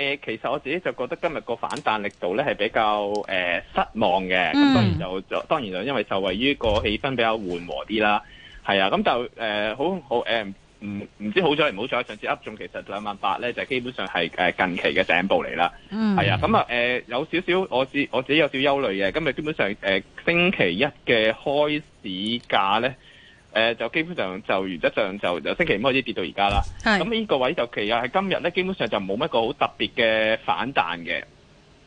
誒，其實我自己就覺得今日個反彈力度咧係比較誒、呃、失望嘅。咁當然就，嗯、當然就因為受惠於個氣氛比較緩和啲啦。係啊，咁就誒、呃、好好誒，唔、呃、唔知好彩唔好彩。上次 up 中其實兩萬八咧就是、基本上係誒、呃、近期嘅頂部嚟啦。係、嗯、啊，咁啊誒有少少我自我自己有少少憂慮嘅。今日基本上誒、呃、星期一嘅開市價咧。誒、呃、就基本上就原則上就由星期五開始跌到而家啦。咁呢是個位就其實係今日咧，基本上就冇乜個好特別嘅反彈嘅。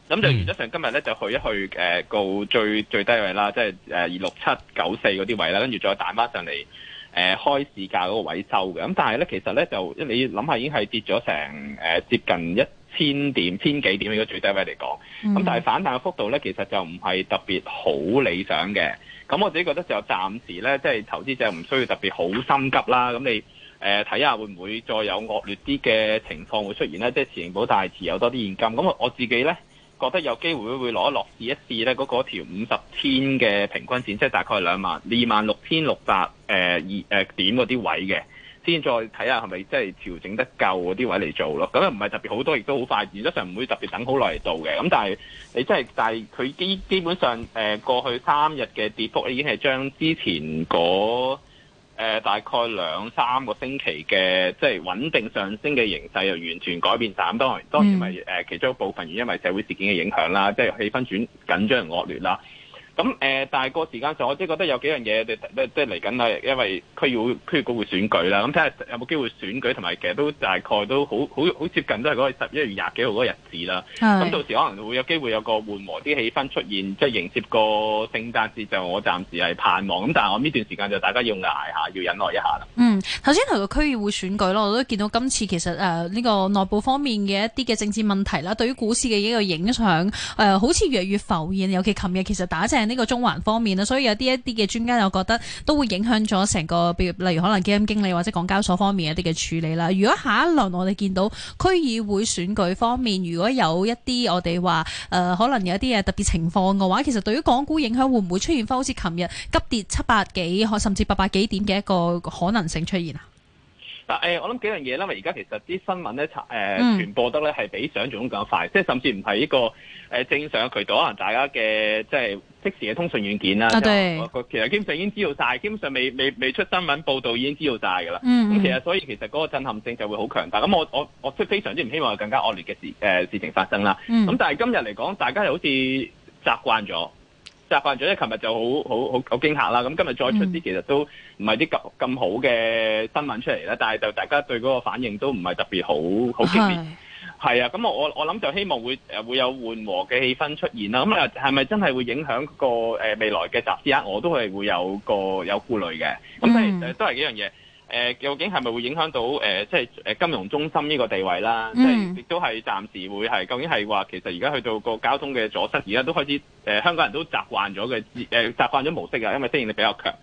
咁就原則上今日咧就去一去誒，到、呃、最最低位啦，即係誒二六七九四嗰啲位啦，跟住再打孖上嚟誒、呃、開市價嗰個位收嘅。咁但係咧，其實咧就你諗下已經係跌咗成誒、呃、接近一。千點、千幾點，應該最低位嚟講，咁、嗯、但係反彈嘅幅度咧，其實就唔係特別好理想嘅。咁我自己覺得就暫時咧，即、就、係、是、投資者唔需要特別好心急啦。咁你誒睇下會唔會再有惡劣啲嘅情況會出現咧？即係持唔到，大係持有多啲現金。咁我我自己咧覺得有機會會攞一落試一試咧，嗰、那個、條五十天嘅平均線，即、就是、大概兩萬二萬六千六百誒二點嗰啲位嘅，先再睇下係咪即係調整得夠嗰啲位嚟做咯，咁又唔係特別好多，亦都好快，原則上唔會特別等好耐到嘅。咁但係你真係，但係佢基基本上誒、呃、過去三日嘅跌幅已經係將之前嗰、呃、大概兩三個星期嘅即係穩定上升嘅形勢又完全改變晒。當然、嗯、當然係誒其中一部分，原因為社會事件嘅影響啦，即係氣氛轉緊張、惡劣啦。咁誒，但係、呃、個時間上，我即係覺得有幾樣嘢，你即係嚟緊係因為區議會區議會選舉啦。咁睇下有冇機會選舉，同埋其實都大概都好好好接近都係嗰十一月廿幾號嗰個日子啦。咁的到時可能會有機會有個緩和啲氣氛出現，即係迎接個聖誕節。就我暫時係盼望，咁但係我呢段時間就大家要捱下，要忍耐一下啦。嗯，頭先提到區議會選舉咯，我都見到今次其實誒呢、呃呢個內部方面嘅一啲嘅政治問題啦，對於股市嘅一個影響、呃、好似越嚟越浮現。尤其琴日其實打呢個中環方面啦，所以有啲一啲嘅專家又覺得都會影響咗成個，比例如可能基金經理或者港交所方面一啲嘅處理啦。如果下一輪我哋見到區議會選舉方面，如果有一啲我哋話誒，可能有一啲嘅特別情況嘅話，其實對於港股影響會唔會出現翻好似琴日急跌七百幾，甚至八百幾點嘅一個可能性出現啊？嗱，誒、欸，我諗幾樣嘢啦，因為而家其實啲新聞咧，誒、呃，傳、嗯、播得咧係比想象中更快，即係甚至唔係一個誒正常嘅渠道，可能大家嘅即係即時嘅通訊軟件啦，啊，對，其實基本上已經知道晒，基本上未未未出新聞報導已經知道晒㗎啦。咁、嗯、其實所以其實嗰個震撼性就會好強大。咁我我我即係非常之唔希望有更加惡劣嘅事誒、呃、事情發生啦。咁、嗯、但係今日嚟講，大家又好似習慣咗。習慣咗，即係琴日就好好好好驚嚇啦。咁今日再出啲，其實都唔係啲咁咁好嘅新聞出嚟啦。但係就大家對嗰個反應都唔係特別好好激烈。係啊，咁我我我諗就希望會會有緩和嘅氣氛出現啦。咁啊，係咪真係會影響個誒未來嘅集資啊？我都係會有個有顧慮嘅。咁但係都係幾樣嘢。誒究竟係咪會影響到誒，即係誒金融中心呢個地位啦？嗯，亦都係暫時會係究竟係話，其實而家去到個交通嘅阻塞，而家都開始誒香港人都習慣咗嘅誒習慣咗模式啊，因為適應力比較強。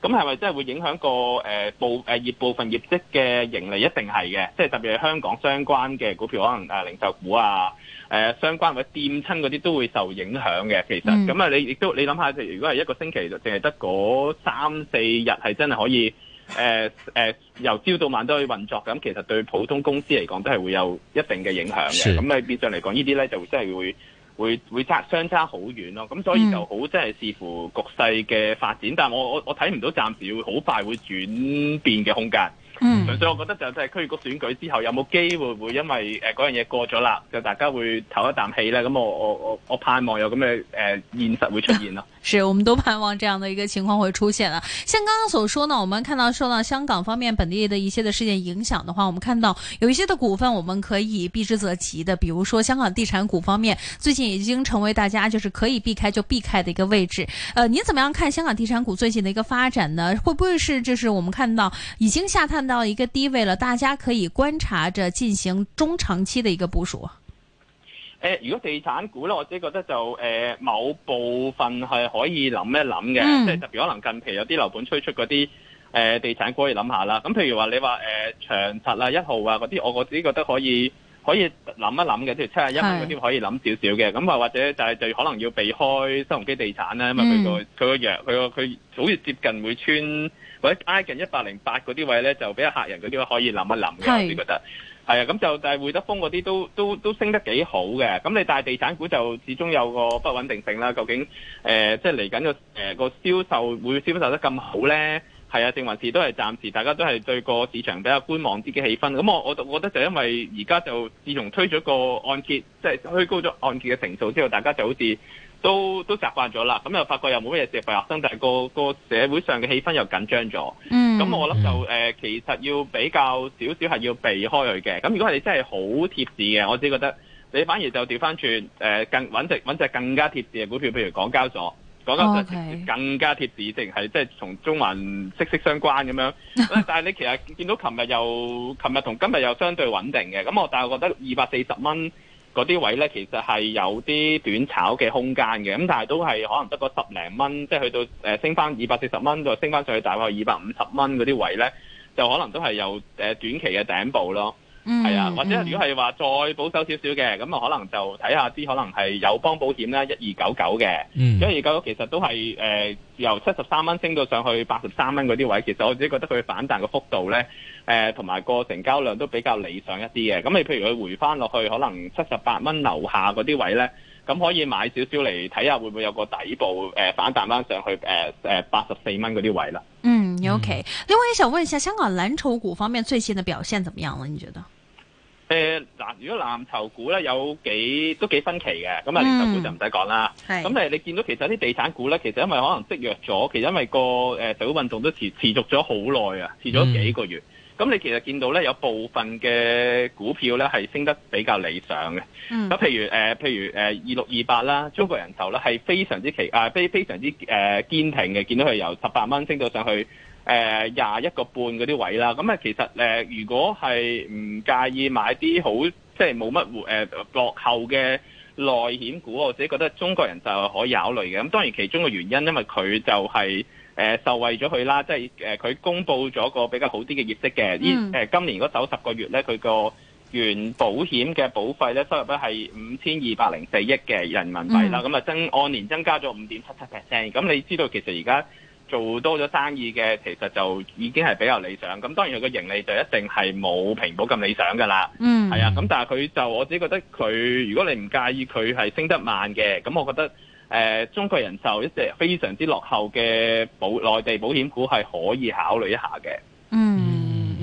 咁係咪真係會影響個誒部誒業部分業績嘅盈利？一定係嘅。即係特別係香港相關嘅股票，可能誒零售股啊，誒相關或者掂親嗰啲都會受影響嘅。其實咁啊，你亦都你諗下，如果係一個星期，就淨係得嗰三四日係真係可以。誒誒、呃呃，由朝到晚都去運作咁，其實對普通公司嚟講都係會有一定嘅影響嘅。咁誒，變相嚟講，呢啲咧就真係會會會差相差好遠咯。咁所以就好，即係視乎局勢嘅發展。但係我我我睇唔到，暫時會好快會轉變嘅空間。嗯，所以我覺得就就係區議會選舉之後有冇機會會因為呃樣嘢過咗啦，就大家會唞一啖氣呢，咁我我我我盼望有咁嘅呃現實會出現咯。是，我們都盼望這樣的一個情況會出現啊，像剛剛所說呢，我們看到受到香港方面本地的一些的事件影響的話，我們看到有一些的股份，我們可以避之則吉的，比如說香港地產股方面，最近已經成為大家就是可以避開就避開的一個位置。呃，您怎麼樣看香港地產股最近的一個發展呢？會不會是就是我們看到已經下探？到一個低位了，大家可以觀察着進行中長期的一個部署。誒、呃，如果地產股咧，我自己覺得就誒、呃，某部分係可以諗一諗嘅，嗯、即係特別可能近期有啲樓盤推出嗰啲誒地產股可以諗下啦。咁譬如話你話誒、呃、長實啊、一號啊嗰啲，我我自己覺得可以。可以諗一諗嘅，即係七十一嗰啲可以諗少少嘅，咁啊是或者就就可能要避開新鴻基地產啦，嗯、因為佢個佢個弱，佢個佢好接近會穿或者挨近一百零八嗰啲位咧，就比較嚇人嗰啲位可以諗一諗嘅，你是覺得？係啊，咁就但係會德豐嗰啲都都都升得幾好嘅，咁你但係地產股就始終有個不穩定性啦。究竟誒即係嚟緊個誒個銷售會銷售得咁好咧？係啊，正還是都係暫時，大家都係對個市場比較觀望啲嘅氣氛。咁我我我覺得就因為而家就自從推咗個按揭，即係推高咗按揭嘅成數之後，大家就好似都都習慣咗啦。咁又發覺又冇乜嘢事發生，但係個個社會上嘅氣氛又緊張咗。嗯。咁我諗就誒，其實要比較少少係要避開佢嘅。咁如果你真係好貼市嘅，我只覺得你反而就調翻轉誒，更搵隻，搵隻更加貼市嘅股票，譬如港交所。Okay. 更加貼地，定係即係同中環息息相關咁樣。 但係你其實見到琴日又，琴日同今日又相對穩定嘅。咁我但係覺得二百四十蚊嗰啲位呢，其實係有啲短炒嘅空間嘅。咁但係都係可能得個十零蚊，即係去到誒升翻二百四十蚊，再升翻上去大概二百五十蚊嗰啲位呢，就可能都係有誒短期嘅頂部咯。嗯，係啊，或者如果係話再保守少少嘅，咁啊、嗯嗯、可能就睇下啲可能係友邦保險啦，一二九九嘅，一二九九其實都係、呃、由七十三蚊升到上去八十三蚊嗰啲位，其實我自己覺得佢反彈嘅幅度咧，呃、同埋個成交量都比較理想一啲嘅。咁你譬如佢回翻落去可能七十八蚊樓下嗰啲位咧，咁可以買少少嚟睇下會唔會有個底部、呃、反彈翻上去、呃呃、八十四蚊嗰啲位啦。嗯你，OK。另外，想問一下香港藍籌股方面最新嘅表現點樣啦？你覺得？誒嗱、呃，如果藍籌股咧有幾都幾分歧嘅，咁啊、嗯，藍籌股就唔使講啦。係、嗯，咁誒，但你見到其實啲地產股咧，其實因為可能積弱咗，其實因為個誒社會運動都持持續咗好耐啊，持續咗幾個月。咁、嗯、你其實見到咧有部分嘅股票咧係升得比較理想嘅。咁、嗯、譬如誒、呃、譬如誒二六二八啦，中國人壽呢係非常之奇啊，非、呃、非常之誒堅、呃、挺嘅，見到佢由十八蚊升到上去。誒廿、呃、一個半嗰啲位啦，咁、嗯、啊其實誒、呃，如果係唔介意買啲好即係冇乜誒落後嘅內險股，我自己覺得中國人就可以考慮嘅。咁、嗯、當然其中個原因，因為佢就係、是呃、受惠咗佢啦，即係佢、呃、公布咗個比較好啲嘅業績嘅。依、嗯、今年嗰首十個月咧，佢個原保險嘅保費咧收入咧係五千二百零四億嘅人民幣啦，咁啊、嗯嗯、增按年增加咗五點七七 percent。咁、嗯、你知道其實而家。做多咗生意嘅，其實就已經係比較理想。咁當然佢個盈利就一定係冇平保咁理想㗎啦。嗯。係啊，咁但係佢就我自己覺得佢，如果你唔介意佢係升得慢嘅，咁我覺得誒、呃、中國人壽一隻非常之落後嘅保內地保險股係可以考慮一下嘅。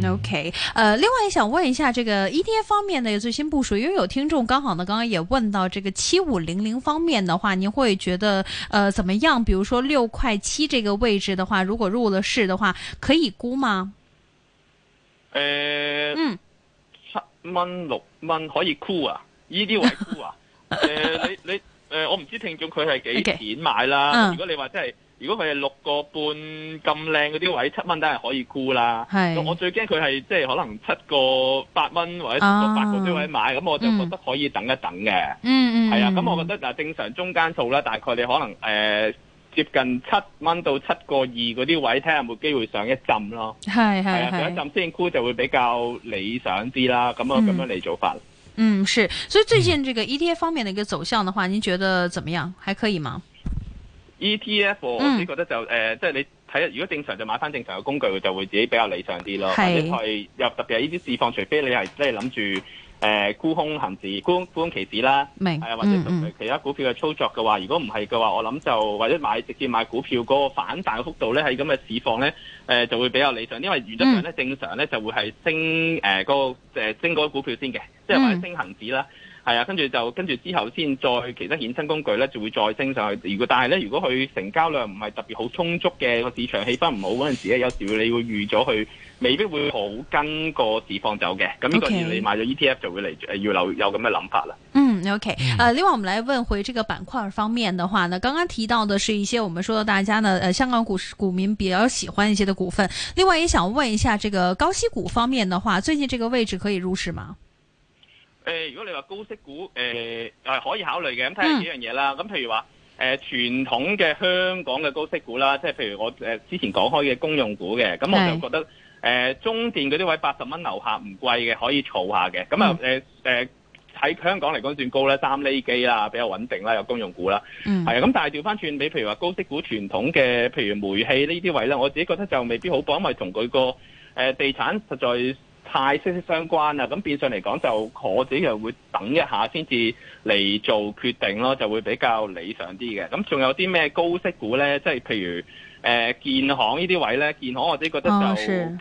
OK，呃，另外也想問一下這個 ETF 方面的最新部署，因為有聽眾剛好呢，剛剛也問到這個七五零零方面的話，你會覺得呃怎麼樣？比如說六塊七這個位置的話，如果入了市的話，可以沽嗎？呃，嗯、七蚊六蚊可以沽啊，依啲位沽啊。啊 呃，你你，呃，我唔知聽眾佢係幾錢買啦。Okay. 嗯、如果你話真係。如果佢係六個半咁靚嗰啲位七蚊都係可以沽啦，是我最驚佢係即係可能七個八蚊或者七八個啲位買，咁、啊、我就覺得可以、嗯、等一等嘅、嗯。嗯、啊、嗯，係啊、嗯，咁我覺得嗱正常中間數啦，大概你可能、呃、接近七蚊到七個二嗰啲位，睇下有冇機會上一浸咯。係啊是，上一浸先沽就會比較理想啲啦。咁啊咁樣嚟做法。嗯是，是，是，所以最近這個 ETF 方面嘅一個走向嘅話，您覺得怎麼樣？還可以嗎？E T F 我只覺得就誒，即係、嗯呃就是，你睇，如果正常就買翻正常嘅工具，就會自己比較理想啲咯。是或者係又特別係呢啲市況，除非你係即係諗住誒沽空恒指、沽空沽期指啦，明啊白、呃，或者同其他股票嘅操作嘅話，嗯、如果唔係嘅話，我諗就或者買直接買股票嗰個反彈嘅幅度咧，喺咁嘅市況咧，誒、呃、就會比較理想，因為原則上咧、嗯、正常咧就會係升誒、呃那個誒升嗰個股票先嘅，即係話升恒指啦。.係啊，跟住就跟住之後先再去其他衍生工具呢，就會再升上去。如果但係呢，如果佢成交量唔係特別好充足嘅個市場氣氛唔好嗰陣時，有有時你會預咗去未必會好跟市個市況走嘅。咁呢個你買咗 ETF 就會嚟要留有咁嘅諗法啦。嗯，OK。Uh，呃另外我們來問回這個板塊方面嘅話呢，剛剛提到的係一些我們說到大家呢，呃，香港股市股民比較喜歡一些的股份。另外也想問一下，這個高息股方面嘅話，最近這個位置可以入市嗎？誒，如果你話高息股，誒、呃、係可以考慮嘅，咁睇下幾樣嘢啦。咁譬如話，誒、呃、傳統嘅香港嘅高息股啦，即係譬如我誒、呃、之前講開嘅公用股嘅，咁我就覺得誒是、呃、中電嗰啲位八十蚊樓下唔貴嘅，可以儲下嘅。咁啊誒誒喺香港嚟講算高啦，三厘幾啦，比較穩定啦，有公用股啦，係啊、嗯。咁但係調翻轉你，譬如話高息股傳統嘅，譬如煤氣這些置呢啲位咧，我自己覺得就未必好，因為同佢、嗰個誒、呃、地產實在。太息息相關啦，咁變相嚟講就我自己又會等一下先至嚟做決定咯，就會比較理想啲嘅。咁仲有啲咩高息股咧？即係譬如誒、呃、建行呢啲位咧，建行我自己覺得就係升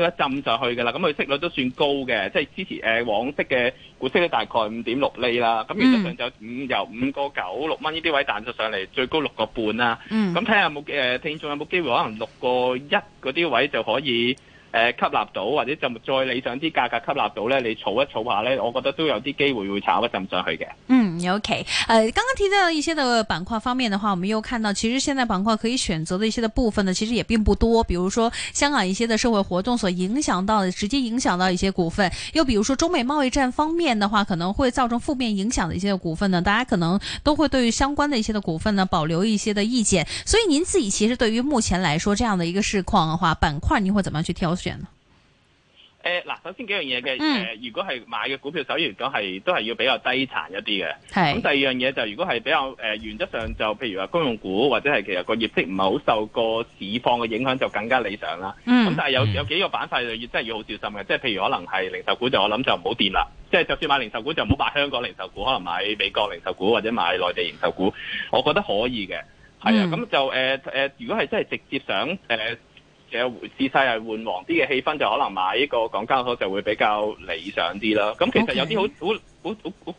咗一浸上去㗎啦。咁佢息率都算高嘅，即係之前誒往昔嘅股息咧，大概五點六厘啦。咁現時上就五由五個九六蚊呢啲位彈咗上嚟，最高六個半啦。咁睇、嗯、下有冇聽眾有冇、呃、機會可能六個一嗰啲位就可以。誒、呃、吸納到，或者就再理想啲價格吸納到呢。你儲一儲下呢，我覺得都有啲機會會炒一陣上去嘅。嗯，OK。呃，剛剛提到一些的板塊方面的話，我們又看到其實現在板塊可以選擇的一些的部分呢，其實也並不多。比如說香港一些的社會活動所影響到的，直接影響到一些股份；又比如說中美貿易戰方面的話，可能會造成負面影響的一些的股份呢，大家可能都會對於相關的一些的股份呢保留一些的意見。所以您自己其實對於目前來說，這樣的一個市況的話，板塊您會怎麼去挑選？誒，嗱、嗯，首先幾樣嘢嘅，誒、嗯，如果係買嘅股票，首要嚟講係都係要比較低殘一啲嘅。係是。咁第二樣嘢就如果係比較，誒、呃，原則上就譬如話公用股或者係其實個業績唔係好受個市況嘅影響，就更加理想啦。咁、嗯、但係有有幾個板塊就真係要好小心嘅，即係譬如可能係零售股就我諗就唔好掂啦。即係就算買零售股就唔好買香港零售股，可能買美國零售股或者買內地零售股，我覺得可以嘅。係啊、嗯，咁就誒誒、呃呃，如果係真係直接想誒。呃嘅市勢係換黃啲嘅氣氛，就可能買呢個港交所就會比較理想啲啦。咁其實有啲好股股股股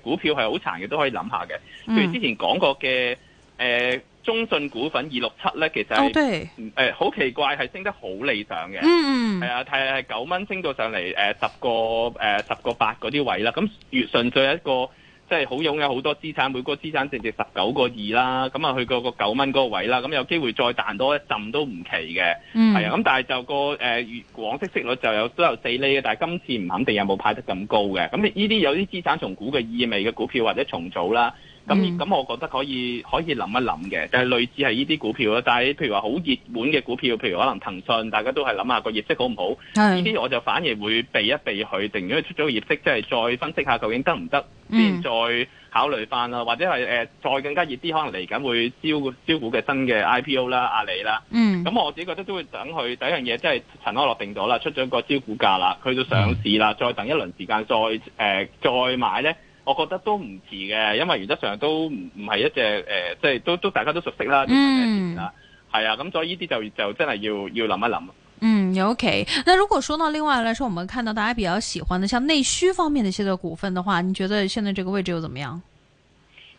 股票係好殘嘅，都可以諗下嘅。譬、嗯、如之前講過嘅誒、呃、中信股份二六七咧，其實係誒好奇怪係升得好理想嘅。嗯嗯，係啊、呃，係係九蚊升到上嚟誒十個誒十、呃、個八嗰啲位啦。咁粵順再一個。即係好擁有好多資產，每個資產淨值十九個二啦，咁啊去個個九蚊嗰個位啦，咁有機會再彈多一陣都唔奇嘅，係啊、嗯。咁但係就個誒往績息率就有都有四厘嘅，但係今次唔肯定有冇派得咁高嘅。咁呢啲有啲資產重估嘅意味嘅股票或者重組啦，咁咁、嗯、我覺得可以可以諗一諗嘅、就係，但係類似係呢啲股票啦。但係譬如話好熱門嘅股票，譬如可能騰訊，大家都係諗下個業績好唔好？呢啲、嗯、我就反而會避一避佢。定如果出咗個業績，即係再分析下究竟得唔得？先、嗯、再考慮返啦，或者係、呃、再更加熱啲，可能嚟緊會招招股嘅新嘅 IPO 啦，阿里啦。嗯。咁我自己覺得都會等佢第一樣嘢，即、就、係、是、陳開落定塵埃落定咗啦，出咗個招股價啦，佢到上市啦，嗯、再等一輪時間再、呃、再買咧，我覺得都唔遲嘅，因為原則上都唔係一隻、呃、即係都都大家都熟悉啦啲啊，係啊，咁所以呢啲就就真係要要諗一諗。嗯，OK。那如果說到另外來說，我們看到大家比較喜歡的，像內需方面的一些的股份的話，你覺得現在這個位置又怎麼樣？誒、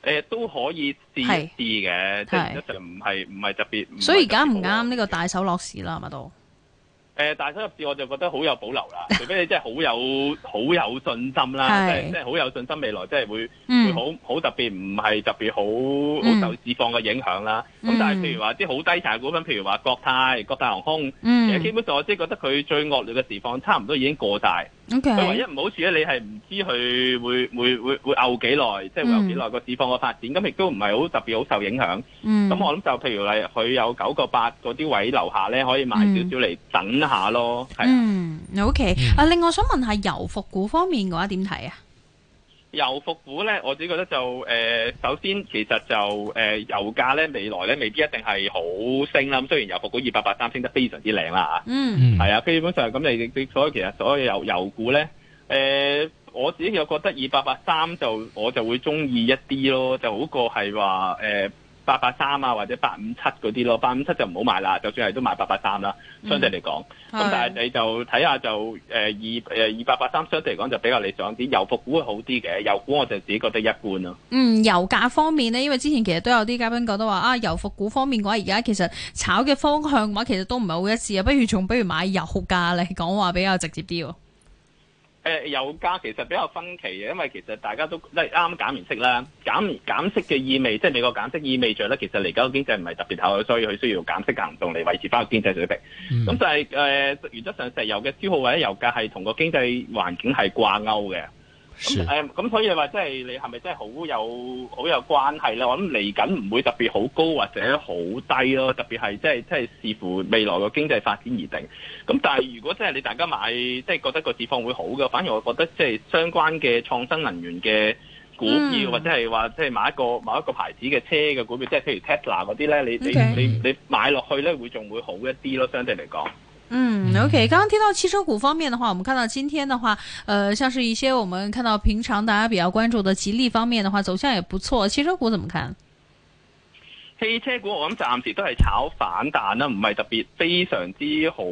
呃，都可以試一試嘅，即係就唔係唔係特別。唔係特別好，所以而家唔啱呢個大手落市啦，係咪都誒，大收入市我就覺得好有保留啦，除非你真係好有 好有信心啦，即係好有信心未來即係會、嗯、會好好特別唔係特別好好，嗯、受市況嘅影響啦。咁但係譬如話啲好低殘嘅股份，譬如話國泰、國泰航空，嗯、其實基本上我即係覺得佢最惡劣嘅市況差唔多已經過大。佢 Okay. 唯一唔好處咧，你係唔知佢會會會、嗯、會拗幾耐，即係會有幾耐個市況嘅發展，咁亦都唔係好特別好受影響。咁、嗯、我諗就譬如話，佢有九個八嗰啲位樓下咧，可以買少少嚟等下咯。嗯，OK。啊，另外我想問下，油服股方面嘅話點睇啊？油服股咧，我自己覺得就誒、呃，首先其實就誒、呃、油價咧，未來咧未必一定係好升啦。咁雖然油服股二八八三升得非常之靚啦，嚇，嗯，係啊，基本上咁你你所以其實所有油油股咧、呃，我自己又覺得二八八三就我就會鍾意一啲咯，就好過係話誒。呃八八三啊，或者八五七嗰啲咯，八五七就唔好買啦。就算係都買八八三啦，嗯、相對嚟講。咁是但係你就睇下就誒二誒二八八三相對嚟講就比較理想啲，油服股會好啲嘅，油股我就自己覺得一般咯。嗯，油價方面咧，因為之前其實都有啲嘉賓覺得話啊，油服股方面嘅話，而家其實炒嘅方向嘅話，其實都唔係好一致啊。不如仲不如買油價嚟講話比較直接啲喎。油價其實比較分歧嘅，因為其實大家都即係啱啱減完息啦，減減息嘅意味，即係美國減息意味著咧，其實嚟緊個經濟唔係特別好，所以佢需要減息行動嚟維持翻個經濟水平。咁、嗯、就係、是、誒、呃，原則上石油嘅消耗或者油價係同個經濟環境係掛鈎嘅。咁咁是、嗯、所以你話即係你係咪真係好有好有關係咧？我諗嚟緊唔會特別好高或者好低咯，特別係即係即係視乎未來個經濟發展而定。咁但係如果即係你大家買，即係覺得個地方會好嘅，反而我覺得即係相關嘅創新能源嘅股票，mm. 或者係話即係買一個買一個牌子嘅車嘅股票，即係譬如 Tesla 嗰啲咧，你你你 Okay. 你買落去咧，會仲會好一啲咯，相對嚟講。嗯，OK，剛剛聽到汽車股方面的話，我們看到今天的話，呃，像是一些我們看到平常大家比較關注的吉利方面的話，走向也不錯。汽車股怎麼看？汽車股我諗暫時都係炒反彈啦，唔係特別非常之好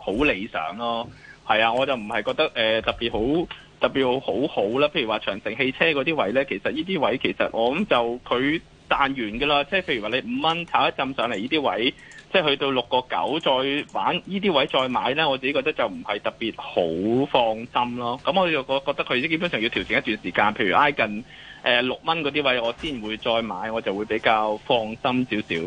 好理想咯。係啊，我就唔係覺得誒、呃、特別好，特別好好好啦。譬如話長城汽車嗰啲位呢，其實呢啲位其實我諗就佢彈完噶啦。即係譬如話你五蚊炒一浸上嚟呢啲位，即係去到六個九再玩呢啲位再買呢，我自己覺得就唔係特別好放心咯。咁我就覺覺得佢已經基本上要調整一段時間。譬如挨近誒六蚊嗰啲位，我先會再買，我就會比較放心少少。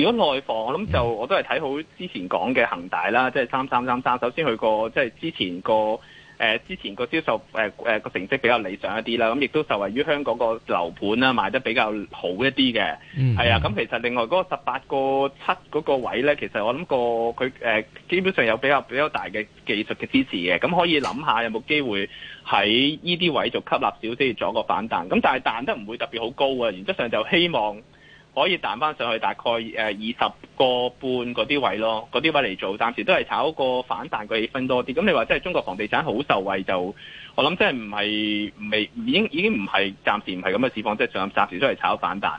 如果內房，我諗就我都係睇好之前講嘅恒大啦，即係三三三三。首先佢個即係之前個誒、呃、之前個銷售誒誒個成績比較理想一啲啦，咁亦都受惠於香港個樓盤啦，賣得比較好一啲嘅。係、嗯、啊，咁其實另外嗰、嗰個十八個七嗰個位咧，其實我諗個佢誒基本上有比較比較大嘅技術嘅支持嘅，咁可以諗下有冇機會喺呢啲位做吸納少少，做一個反彈。咁但係彈得唔會特別好高啊，原則上就希望。可以彈翻上去大概誒二十個半嗰啲位咯，嗰啲位嚟做，暫時都係炒個反彈嘅氣氛多啲。咁你話即係中國房地產好受惠就，我諗即係唔係未已經已經唔係暫時唔係咁嘅市況，即係上暫時都係炒反彈。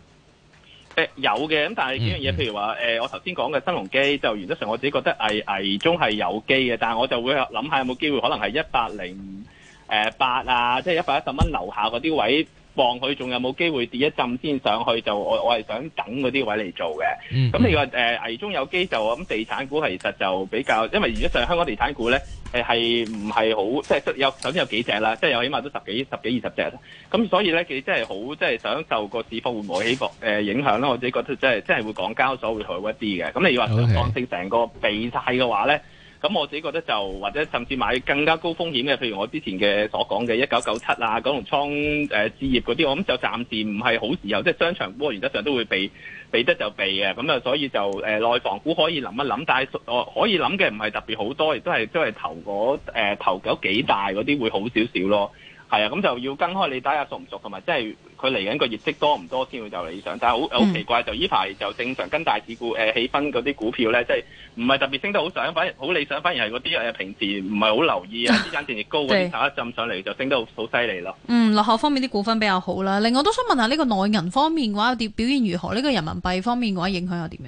誒、呃，有嘅，咁但係幾樣嘢，嗯、譬如話，誒、呃，我頭先講嘅新龍機，就原則上我自己覺得危危中係有機嘅，但係我就會諗下有冇機會，可能係一百零誒八啊，即係一百一十蚊樓下嗰啲位。望佢仲有冇機會跌一浸先上去，就我我係想等嗰啲位嚟做嘅。咁、嗯嗯、你話誒、呃、危中有機，就咁地產股其實就比較，因為而家上香港地產股咧誒係唔係好，即係有首先有幾隻啦，即係有起碼都十幾十幾二十隻啦。咁所以咧佢真係好即係想受個市況會唔會起伏誒影響啦。我自己覺得即係即係會港交所會好一啲嘅。咁你說性話當成成個避曬嘅話咧？咁我自己覺得就或者甚至買更加高風險嘅，譬如我之前嘅所講嘅一九九七啊，九龍倉誒置業嗰啲，我諗就暫時唔係好時候，即係商場股原則上都會避避得就避嘅，咁啊，所以就誒、呃、內房股可以諗一諗，但係我可以諗嘅唔係特別好多，亦都係都係投嗰頭九幾大嗰啲會好少少咯，係啊，咁就要跟開你睇下熟唔熟，同埋即係。佢嚟緊個業績多唔多先會就理想，但係好好奇怪就呢排就正常跟大市股誒氣氛嗰啲股票咧，即係唔係特別升得好上，反而好理想，反而係嗰啲誒平時唔係好留意啊，資產淨值高嗰啲一浸上嚟就升得好犀利咯。嗯，落後方面啲股份比較好啦。另外，我都想問下呢個內銀方面嘅話，有啲、呃、表現如何？呢、呢個人民幣方面嘅話、呃，影響又點樣？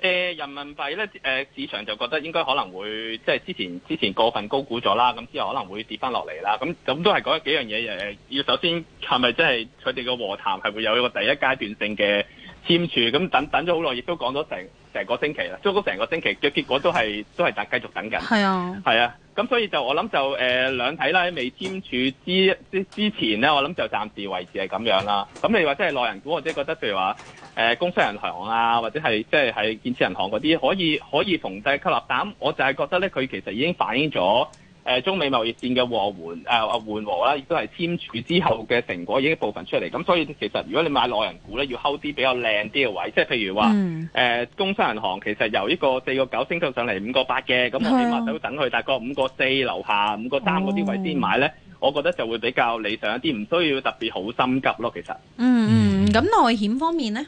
誒人民幣咧，誒市場就覺得應該可能會即係、就是、之前之前過分高估咗啦，咁之後可能會跌翻落嚟啦。咁咁都係講幾樣嘢，要首先係咪即係佢哋個和談係會有一個第一階段性嘅簽署？咁等等咗好耐，亦都講咗成成個星期啦，都講成個星期，最結果都係都係等繼續等緊。係啊，係啊，咁所以就我諗就誒、呃、兩體咧未簽署之之之前咧，我諗就暫時維持係咁樣啦。咁你話即係內人股，我者係覺得譬如話。誒、呃、工商銀行啊，或者係即係喺建設銀行嗰啲，可以可以逢低吸納膽。但我就係覺得咧，佢其實已經反映咗誒、呃、中美貿易戰嘅和緩，誒、呃、啊緩和啦，亦都係簽署之後嘅成果已經部分出嚟。咁所以其實如果你買內人股咧，要睺啲比較靚啲嘅位，即係譬如話誒、嗯呃、工商銀行，其實由一個四個九升到上嚟五個八嘅，咁我哋擘手等佢大概五個四樓下五個三嗰啲位先、哦、買咧，我覺得就會比較理想一啲，唔需要特別好心急咯。其實，嗯，咁內險方面咧？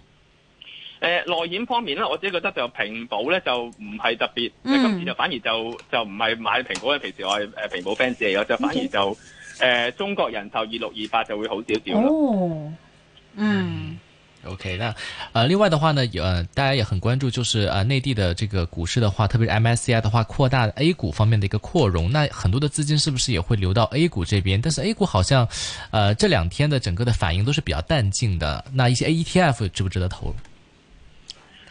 誒、呃、內險方面呢，我自己覺得就平保呢，就唔係特別，嗯、今次就反而就就唔係買平保咧。平時我係誒平保 fans 嚟嘅，就反而就誒 Okay.、呃、中國人壽二六二八就會好少少咯。嗯、嗯，OK，那誒、呃、另外的話呢，誒大家也很關注，就是誒、呃、內地的這個股市的話，特別係 MSCI 的話擴大 A 股方面的一個擴容，那很多的資金是不是也會流到 A 股這邊？但是 A 股好像呃這兩天的整個的反應都是比較淡靜的。那一些 AETF 值不值得投入？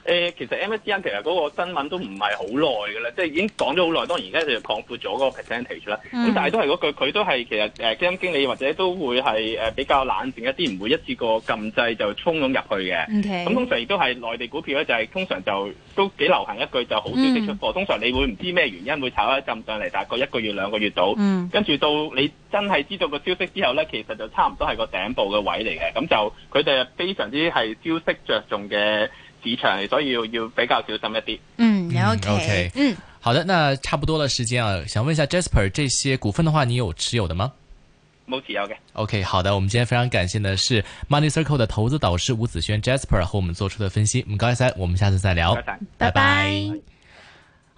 誒，其實 MSCI 其實嗰個新聞都唔係好耐嘅咧，即係已經講咗好耐。當然而家就擴闊咗嗰、嗰個 percentage 啦。咁、嗯、但係都係嗰句，佢都係其實誒、啊、基金經理或者都會係誒比較冷靜一啲，唔會一次過撳掣就衝湧入去嘅。咁 Okay. 通常亦都係內地股票咧、就係，就係通常就都幾流行一句，就好消息出貨。嗯、通常你會唔知咩原因會炒一浸上嚟，大概一個月兩個月到，嗯、跟住到你真係知道個消息之後咧，其實就差唔多係個頂部嘅位嚟嘅。咁就佢哋非常之係消息着重嘅。市場，所以要要比較小心一啲。嗯，OK，嗯，okay, 嗯好的，那差不多的時間啊，想問一下 Jasper，這些股份的話，你有持有的嗎？冇持有嘅。OK，好的，我們今天非常感謝的是 Money Circle 的投資導師吳子軒 Jasper 和我們做出的分析。唔該曬我們下次再聊。謝謝，拜拜。拜拜